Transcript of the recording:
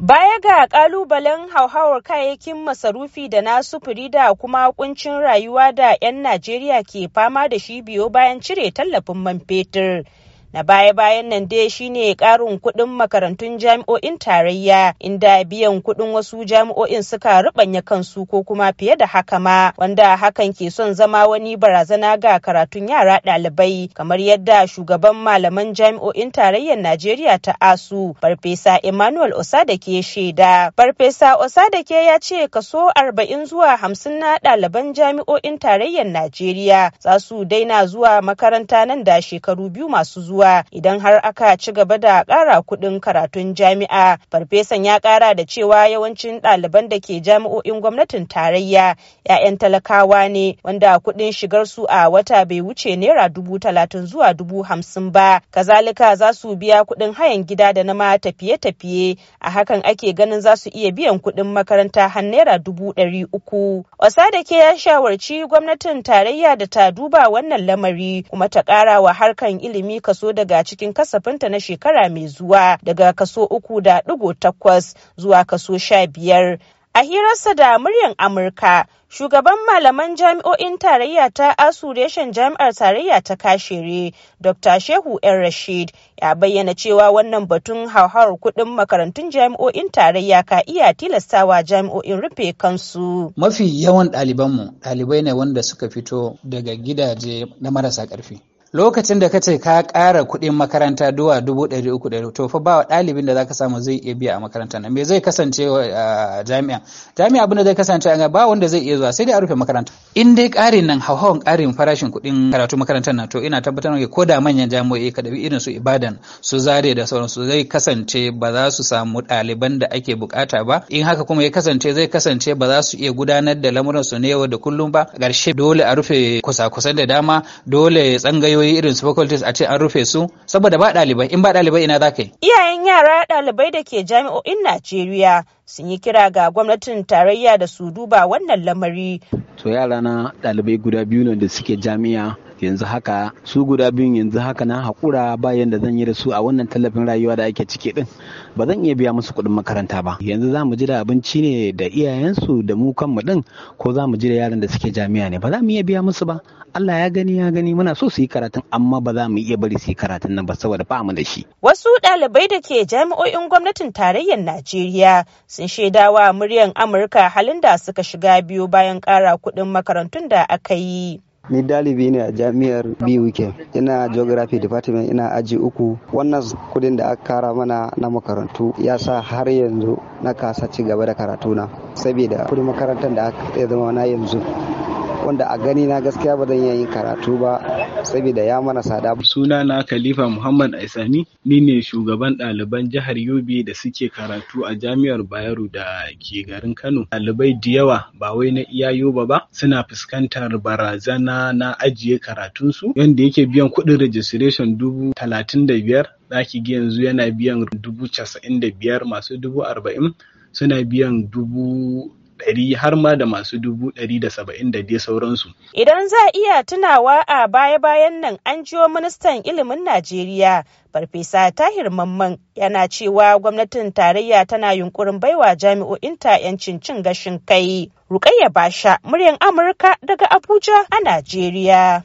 Baya ga ƙalubalen hauhawar kayayyakin masarufi da na sufuri da kuma kuncin rayuwa da 'yan Najeriya ke fama da shi biyo bayan cire tallafin man fetur. na baya-bayan nan dai shine ƙarin kuɗin makarantun jami'o'in tarayya inda biyan kuɗin wasu jami'o'in suka rubanya kansu ko kuma fiye da haka ma wanda hakan ke son zama wani barazana ga karatun yara ɗalibai kamar yadda shugaban malaman jami'o'in tarayyar Najeriya ta ASU Farfesa Emmanuel Osadake shaida. Farfesa Osadake ya ce kaso arba'in zuwa hamsin na ɗaliban jami'o'in tarayyar Najeriya za su daina zuwa makaranta nan da shekaru biyu masu zuwa. cewa idan har aka ci gaba da ƙara kuɗin karatun jami'a farfesan ya ƙara da cewa yawancin ɗaliban da ke jami'o'in gwamnatin tarayya 'ya'yan talakawa ne wanda kuɗin shigar su a wata bai wuce naira dubu talatin zuwa dubu hamsin ba kazalika za su biya kuɗin hayan gida da nama tafiye-tafiye a hakan ake ganin za su iya biyan kuɗin makaranta har naira dubu ɗari uku ke ya shawarci gwamnatin tarayya da ta duba wannan lamari kuma ta ƙara wa harkan ilimi kaso kaso daga cikin kasafinta na shekara mai zuwa daga kaso uku da digo takwas zuwa kaso sha biyar. A hirarsa da muryar Amurka, shugaban malaman jami'o'in tarayya ta asu reshen jami'ar tarayya ta kashere, Dr. Shehu ‘yan Rashid, ya bayyana cewa wannan batun hauhawar kudin makarantun jami'o'in tarayya ka iya tilastawa jami'o'in rufe kansu. Mafi yawan ɗalibanmu ɗalibai ne wanda suka fito daga gidaje na marasa ƙarfi. lokacin da ka ce ka ƙara kuɗin makaranta duwa dubu ɗari uku ɗari to fa ba ɗalibin da zaka samu zai iya biya a makaranta nan me zai kasance a jami'a jami'a abin da zai kasance a ba wanda zai iya zuwa sai dai a rufe makaranta in dai ƙarin nan hauhawan ƙarin farashin kuɗin karatu makarantar na, to ina tabbatar maka ko da manyan jami'o'i ka dabi irin su ibadan su zare da sauransu zai kasance ba za su samu ɗaliban da ake bukata ba in haka kuma ya kasance zai kasance ba za su iya gudanar da lamuransu na yau da kullum ba ƙarshe dole a rufe kusa-kusan da dama dole tsangayoyi jami'o'i irin su faculties a ce an rufe su saboda ba ɗalibai in ba ɗalibai ina za ka yi. Iyayen yara ɗalibai da ke jami'o'in Najeriya sun yi kira ga gwamnatin tarayya da su duba wannan lamari. To yara na ɗalibai guda biyu ne da suke jami'a yanzu haka su guda biyun yanzu haka na haƙura ba yanda zan yi da su a wannan tallafin rayuwa da ake ciki din ba zan iya biya musu kuɗin makaranta ba yanzu za mu ji da abinci ne da iyayensu da mu kanmu din ko za mu ji da yaran da suke jami'a ne ba za mu iya biya musu ba Allah ya gani ya gani muna so su yi karatun amma ba za mu iya bari su yi karatun nan ba saboda ba mu da shi wasu ɗalibai da ke jami'o'in gwamnatin tarayyar Najeriya sun shaidawa muryan Amurka halin da suka shiga biyu bayan ƙara kuɗin makarantun da aka yi Ni dalibi ne a jami'ar Biwike. Ina Geography Department ina aji uku. Wannan kudin da aka kara mana na makarantu ya sa har yanzu na kasa ci gaba da karatuna. Saboda kudin makarantar da aka zama na yanzu wanda a gani na gaskiya ba zan iya yin karatu ba saboda ya mana sada. Suna na Khalifa Muhammad Aisani ni ne shugaban ɗaliban jihar Yobe da suke karatu a Jami'ar Bayero da ke garin Kano. Ɗalibai da yawa ba wai na iya Yoba ba suna fuskantar barazana na ajiye karatunsu yanda yake biyan kuɗin registration dubu talatin da biyar yanzu yana biyan dubu casa'in da biyar masu dubu arba'in suna biyan dubu ɗari har ma da masu dubu ɗari da saba'in da dai sauransu. Idan za a iya tunawa a baya-bayan nan an jiwo ministan ilimin Najeriya Farfesa Tahir Mamman yana cewa gwamnatin tarayya tana yunkurin baiwa jami'o'inta 'yancin cin gashin kai. Rukayya Basha, muryar Amurka daga Abuja a Najeriya.